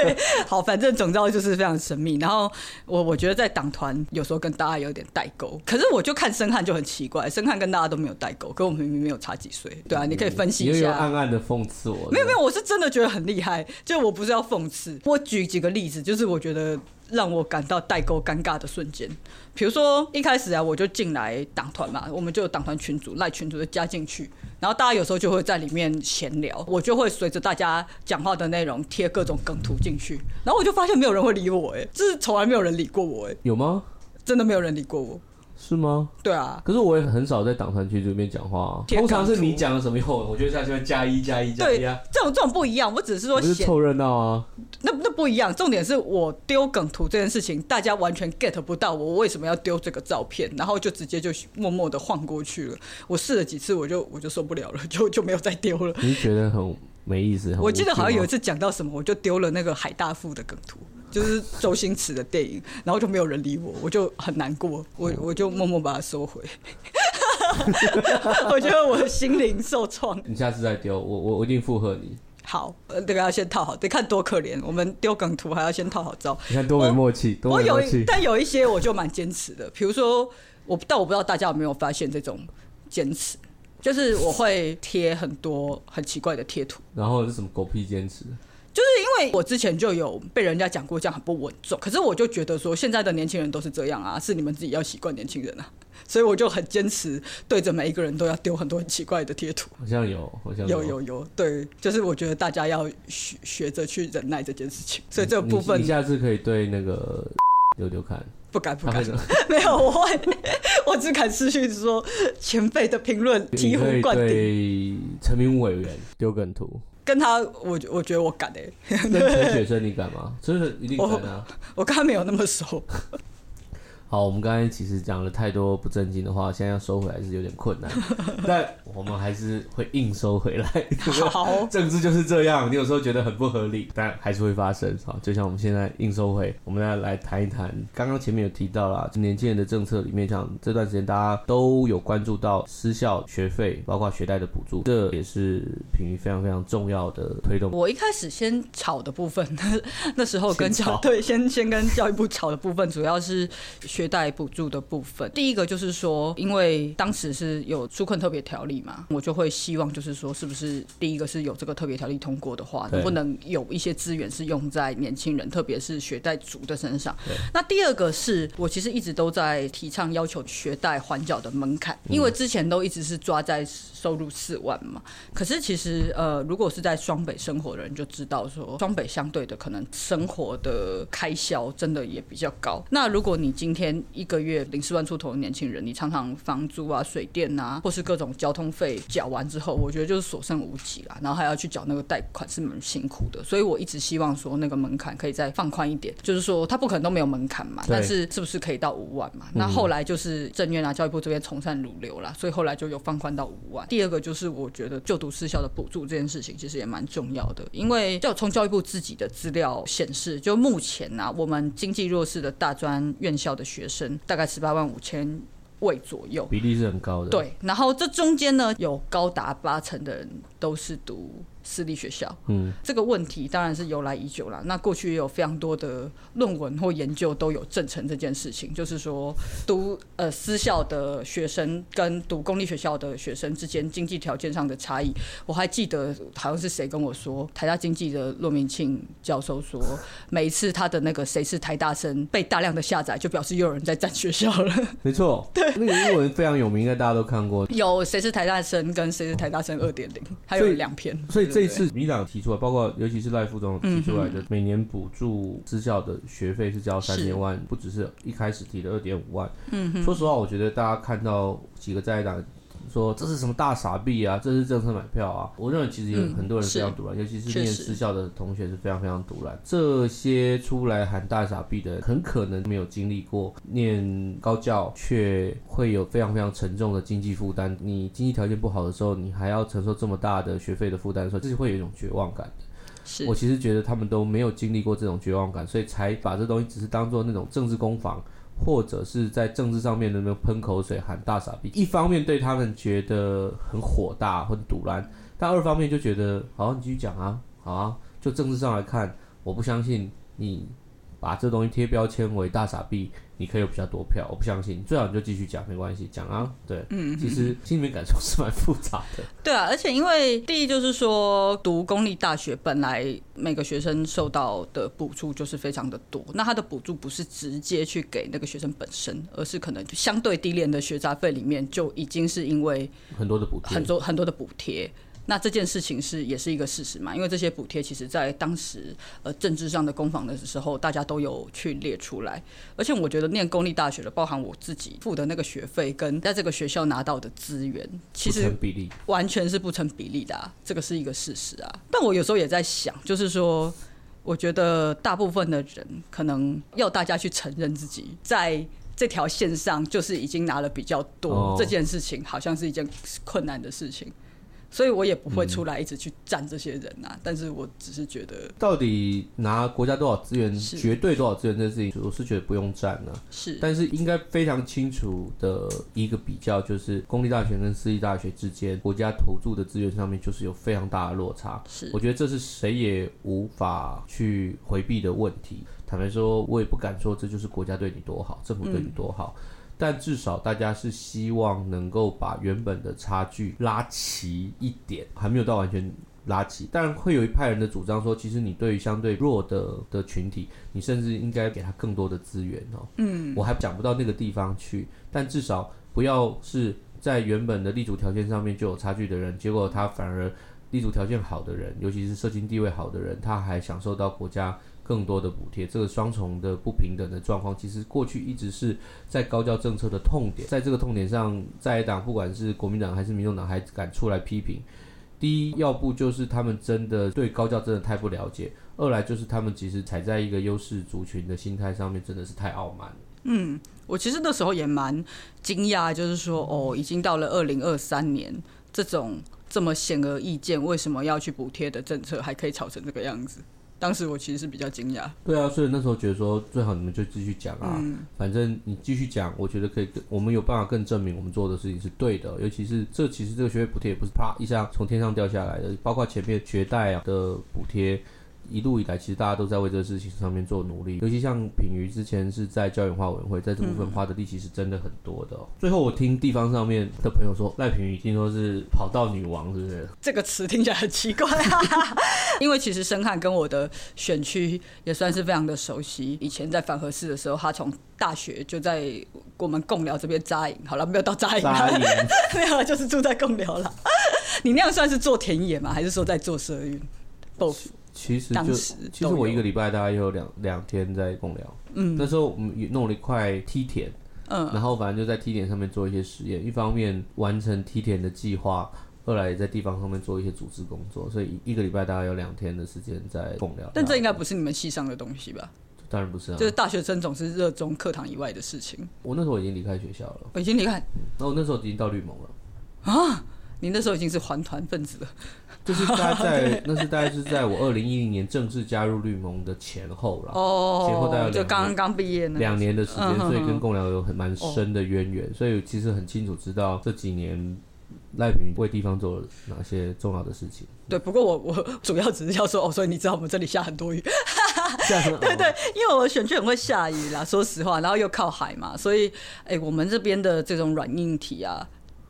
好，反正總召就是非常神秘。然後我我覺得在黨團有時候跟大家有點代溝，可是我就看申翰就很奇怪，申翰跟大家都沒有代溝，可是我們明明沒有差幾歲。對啊，你可以分析一下，嗯、暗暗的諷刺。沒有沒有，我是真的覺得很厲害。就我不是要諷刺，我舉幾個例子，就是我覺得讓我感到代溝尷尬的瞬間。比如說一開始啊，我就進來黨團嘛，我們就有黨團群組，賴群組，就加進去，然後大家有時候就會在裡面閒聊，我就會隨着大家講話的內容貼各種梗圖進去，然後我就發現沒有人會理我誒，哎，就是從來沒有人理過我誒，哎，有嗎？真的沒有人理過我。是嗎？對啊。可是我也很少在黨團區這邊講話啊。通常是你講了什麼以後，我覺得大家加一加一加一啊。這種這種不一樣，我只是說湊熱鬧啊。那那不一樣，重點是我丟梗圖這件事情，大家完全 get 不到我為什麼要丟這個照片，然後就直接就默默的晃過去了。我試了幾次，我就我就受不了了，就就沒有再丟了。你覺得很沒意思？我記得好像有一次講到什麼，我就丟了那個海大富的梗圖。就是周星馳的電影，然後就沒有人理我，我就很難過，我我就默默把它收回。 我覺得我的心靈受創。你下次再丟，我我一定附和你。好，這個要先套好，得看多可憐。我們丟梗圖還要先套好招，你看多沒默契，多沒默契。我，我有一，但有一些我就蠻堅持的，比如說我，但我不知道大家有沒有發現這種堅持，就是我會貼很多很奇怪的貼圖。 然後是什麼狗屁堅持？就是因為我之前就有被人家講過這樣很不穩重，可是我就覺得說現在的年輕人都是這樣啊，是你們自己要習慣年輕人啊，所以我就很堅持對着每一個人都要丟很多很奇怪的貼圖。好像有，好像有有有，有對，就是我覺得大家要學學着去忍耐這件事情，所以這個部分，你，你下次可以對那個丟丟看，不敢不敢，啊、 沒有我還，我只敢私訊說前輩的評論醍醐灌頂。可以對陳明委員丟梗圖。跟他，我我覺得我敢哎、欸。跟曾玟學你敢嗎？真是一定敢啊！我跟他沒有那麼熟。 好，我們剛才其實講了太多不正經的話，現在要收回來是有點困難， 但我們還是會硬收回來。 是是好，政治就是這樣，你有時候覺得很不合理，但還是會發生。好，就像我們現在硬收回，我們來來談一談。剛剛前面有提到啦，就年輕人的政策，裡面像這段時間大家都有關注到私校學費，包括學貸的補助，這也是品妤非常非常重要的推動。我一開始先炒的部分，那那時候跟教炒對，先先跟教育部炒的部分，主要是。學貸補助的部分，第一個就是說，因為當時是有紓困特別條例嘛，我就會希望就是說，是不是第一個是有這個特別條例通過的話，對能不能有一些資源是用在年輕人，特別是學貸族的身上？對那第二個是我其實一直都在提倡要求學貸緩繳的門檻，因為之前都一直是抓在。收入四萬嘛，可是其實呃，如果是在雙北生活的人就知道說，雙北相對的可能生活的開銷真的也比較高。那如果你今天一個月零四萬出頭的年輕人，你常常房租啊、水電啊，或是各種交通費繳完之後，我覺得就是所剩無幾了。然後還要去繳那個貸款是蠻辛苦的，所以我一直希望說那個門檻可以再放寬一點，就是說他不可能都沒有門檻嘛。對但是是不是可以到五萬嘛？嗯、那後來就是政院啊、教育部這邊從善如流啦，所以後來就有放寬到五萬。第二個就是，我覺得就讀私校的補助這件事情其實也蠻重要的，因為就從教育部自己的資料顯示，就目前呢、啊，我們經濟弱勢的大專院校的學生大概十八萬五千位左右，比例是很高的。對，然後這中間呢，有高達八成的人都是讀。私立學校，嗯，這個問題當然是由來已久了。那過去也有非常多的論文或研究都有證成這件事情，就是說讀，讀呃私校的學生跟讀公立學校的學生之間經濟條件上的差異。我還記得好像是誰跟我說，台大經濟的駱明慶教授說，每一次他的那個誰是台大生被大量的下載，就表示又有人在佔學校了。沒錯錯， 對，那個論文非常有名，應該大家都看過。有誰是台大生跟誰是台大生二點零，還有兩篇，所以。這一次民黨提出來，包括尤其是賴副總提出來的、嗯、哼每年補助支教的學費是交三千萬，是不只是一開始提的二點五萬。嗯、哼說實話，我覺得大家看到幾個在黨。說這是什麼大撒幣啊？這是政策買票啊？我認為其實有很多人非常賭爛，嗯、尤其是念私校的同學是非常非常賭爛。實這些出來喊大撒幣的，很可能沒有經歷過念高教，卻會有非常非常沉重的經濟負擔。你經濟條件不好的時候，你還要承受這麼大的學費的負擔，所以這是會有一種絕望感的。是我其實覺得他們都沒有經歷過這種絕望感，所以才把這東西只是當做那種政治攻防。或者是在政治上面能不能噴口水、喊大傻逼，一方面對他們覺得很火大、很賭爛；但二方面就覺得，好，你繼續講啊，好啊，就政治上來看，我不相信你。把、啊、這東西貼標籤為大撒幣，你可以有比較多票。我不相信，最好你就繼續講，沒關係，講啊。對，嗯哼，其實心裡面感受是蠻複雜的。對啊，而且因為第一就是說，讀公立大學本來每個學生受到的補助就是非常的多。那他的補助不是直接去給那個學生本身，而是可能相對低廉的學雜費裡面就已經是因為很多的補貼，很多很多的補貼。那這件事情是也是一個事實嘛。因為這些補貼其實，在當時呃政治上的攻防的時候，大家都有去列出來。而且我覺得念公立大學的，包含我自己付的那個學費，跟在這個學校拿到的資源，其實完全是不成比例的，啊。這個是一個事實啊。但我有時候也在想，就是說，我覺得大部分的人可能要大家去承認自己在這條線上就是已經拿了比較多，哦，這件事情好像是一件困難的事情。所以我也不會出來一直去站這些人吶、啊，嗯、但是我只是覺得，到底拿國家多少資源，是絕對多少資源這件事情，我是覺得不用站了。是，但是應該非常清楚的一個比較，就是公立大學跟私立大學之間，國家投注的資源上面就是有非常大的落差。是，我覺得這是誰也無法去回避的問題。坦白說，我也不敢說這就是國家對你多好，政府對你多好。嗯。但至少大家是希望能夠把原本的差距拉齊一點，還沒有到完全拉齊。當然會有一派人的主張說，其實你對於相對弱的的群體，你甚至應該給他更多的資源哦、喔。嗯，我還講不到那個地方去，但至少不要是在原本的立足條件上面就有差距的人，結果他反而立足條件好的人，尤其是社經地位好的人，他還享受到國家，更多的補貼，這個雙重的不平等的狀況，其實過去一直是在高教政策的痛點，在這個痛點上，在黨不管是國民黨還是民眾黨，還敢出來批評，第一，要不就是他們真的對高教真的太不了解，二來就是他們其實踩在一個優勢族群的心態上面，真的是太傲慢了。嗯，我其實那時候也蠻驚訝，就是說，哦，已經到了二零二三年，這種這麼顯而易見，為什麼要去補貼的政策，還可以炒成這個樣子？當時我其實是比較驚訝，對啊，所以那時候覺得說最好你們就繼續講啊，嗯，反正你繼續講，我覺得可以，我們有辦法更證明我們做的事情是對的，尤其是這其實這個學費補貼也不是啪一下從天上掉下來的，包括前面學貸啊的補貼。一路以來，其實大家都在為這個事情上面做努力，尤其像品妤之前是在教育化委員會，在這部分花的力氣是真的很多的，喔。最後我聽地方上面的朋友說，賴品妤聽說是跑道女王，是不是？這個詞聽起來很奇怪， 因為其實申翰跟我的選區也算是非常的熟悉。以前在反核四的時候，他從大學就在我們貢寮這邊紮營。好了，沒有到紮營，沒有，就是住在貢寮了。你那樣算是做田野嗎？還是說在做社運？Both。其實就、嗯、其實我一個禮拜大概有兩兩天在貢寮，那時候我們也弄了一塊梯田，嗯，然後反正就在梯田上面做一些實驗，一方面完成梯田的計劃，後來在地方上面做一些組織工作，所以一個禮拜大概有兩天的時間在貢寮。但這應該不是你們系上的東西吧？當然不是啊，就是大學生總是熱衷課堂以外的事情。我那時候已經離開學校了，我已經離開，那我那時候已經到綠盟了啊。你那時候已經是環團分子了，就是大概在， 對那是大概是在我二零一零年正式加入綠盟的前後了。哦，oh, 前後大概有就剛剛畢業那，兩年的時間，uh huh. 所以跟貢寮有很蠻深的淵源，oh. 所以其實很清楚知道這幾年賴品為地方做了哪些重要的事情。對，不過我我主要只是要說，哦，所以你知道我們這裡下很多雨， 樣 對,對對，因為我選區很會下雨啦，說實話，然後又靠海嘛，所以哎、欸，我們這邊的這種軟硬體啊。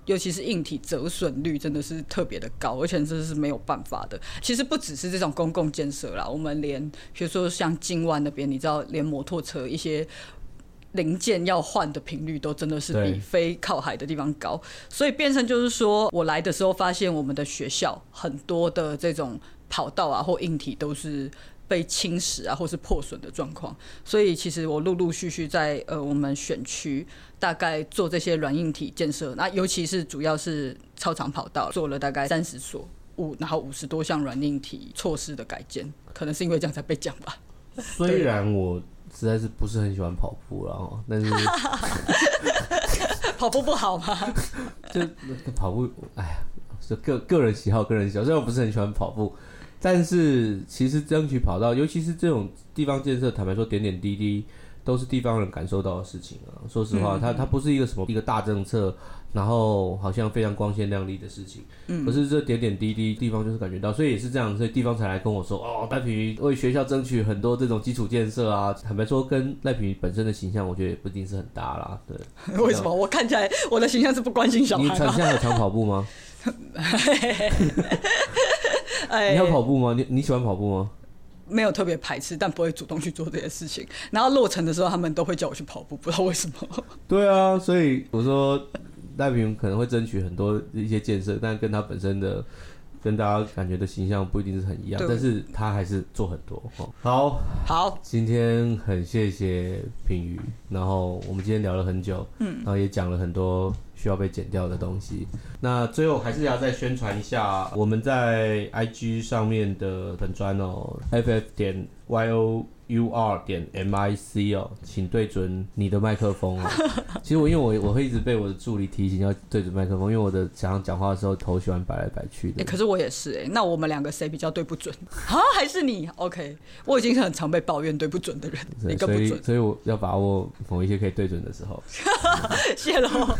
尤其是硬體折損率真的是特別的高，而且這是沒有辦法的。其實不只是這種公共建設啦，我們連比如說像金萬那邊，你知道，連摩托車一些零件要換的頻率都真的是比非靠海的地方高。對所以變成就是說，我來的時候發現我們的學校很多的這種跑道啊或硬體都是。被侵蝕啊，或是破損的狀況，所以其實我陸陸續續在呃我們選區大概做這些軟硬體建設，那尤其是主要是操場跑道做了大概三十所五，五，然後五十多項軟硬體措施的改建，可能是因為這樣才被講吧。雖然我實在是不是很喜歡跑步了，但是 跑步不好嗎？就跑步，哎呀，這個個人喜好，個人喜好，雖然我不是很喜歡跑步。但是其實爭取跑道，尤其是這種地方建設，坦白說，點點滴滴都是地方人感受到的事情啊。說實話，它它不是一個什麼一個大政策，然後好像非常光鮮亮麗的事情，嗯，可是這點點滴滴地方就是感覺到，所以也是這樣，所以地方才來跟我說哦，賴品妤為學校爭取很多這種基礎建設啊。坦白說，跟賴品妤本身的形象，我覺得也不一定是很搭啦。對，為什麼我看起來我的形象是不關心小孩？你現在還有常跑步嗎？ 欸、你要跑步嗎？你你喜歡跑步嗎？沒有特別排斥，但不會主動去做這些事情。然後落成的時候，他們都會叫我去跑步，不知道為什麼。對啊，所以我說賴品妤可能會爭取很多一些建設，但跟他本身的跟大家感覺的形象不一定是很一樣，對但是他還是做很多。好，好，今天很謝謝品妤，然後我們今天聊了很久，嗯，然後也講了很多需要被剪掉的東西。那最後還是要再宣傳一下、啊、我們在 IG 上面的粉專哦，ff 點 y o u r 點 m i c 哦，請對準你的麥克風哦。 其實我因為我我會一直被我的助理提醒要對準麥克風，因為我的想要講話的時候頭喜歡擺來擺去的。哎、欸，可是我也是哎、欸。那我們兩個誰比較對不準？啊，還是你？OK，我已經是很常被抱怨對不準的人。對你更不準。所以所以我要把握某一些可以對準的時候。 謝嘍我。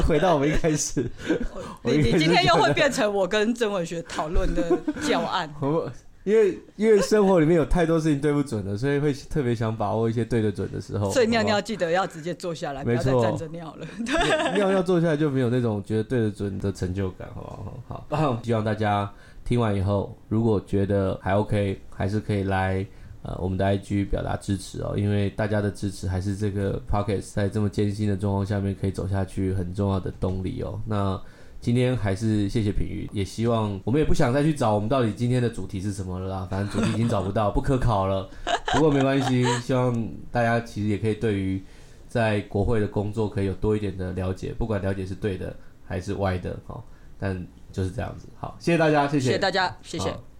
回到我們一開始 你，你你今天又會變成我跟曾玟學討論的教案。 因為因為生活裡面有太多事情對不準了，所以會特別想把握一些對得準的時候。所以尿尿記得要直接坐下來，錯不要再站着尿了。對，尿尿坐下來就沒有那種覺得對得準的成就感，好不好，好？好，希望大家聽完以後，如果覺得還 OK，還是可以來。呃，我們的 IG 表達支持哦，因為大家的支持還是這個 Podcast 在這麼艱辛的狀況下面可以走下去很重要的動力哦。那今天還是謝謝品妤，也希望我們也不想再去找我們到底今天的主題是什麼了啦，反正主題已經找不到， 不可考了。不過沒關係，希望大家其實也可以對於在國會的工作可以有多一點的了解，不管了解是對的還是歪的哈、哦。但就是這樣子，好，謝謝大家，謝謝，謝，謝大家，謝謝。哦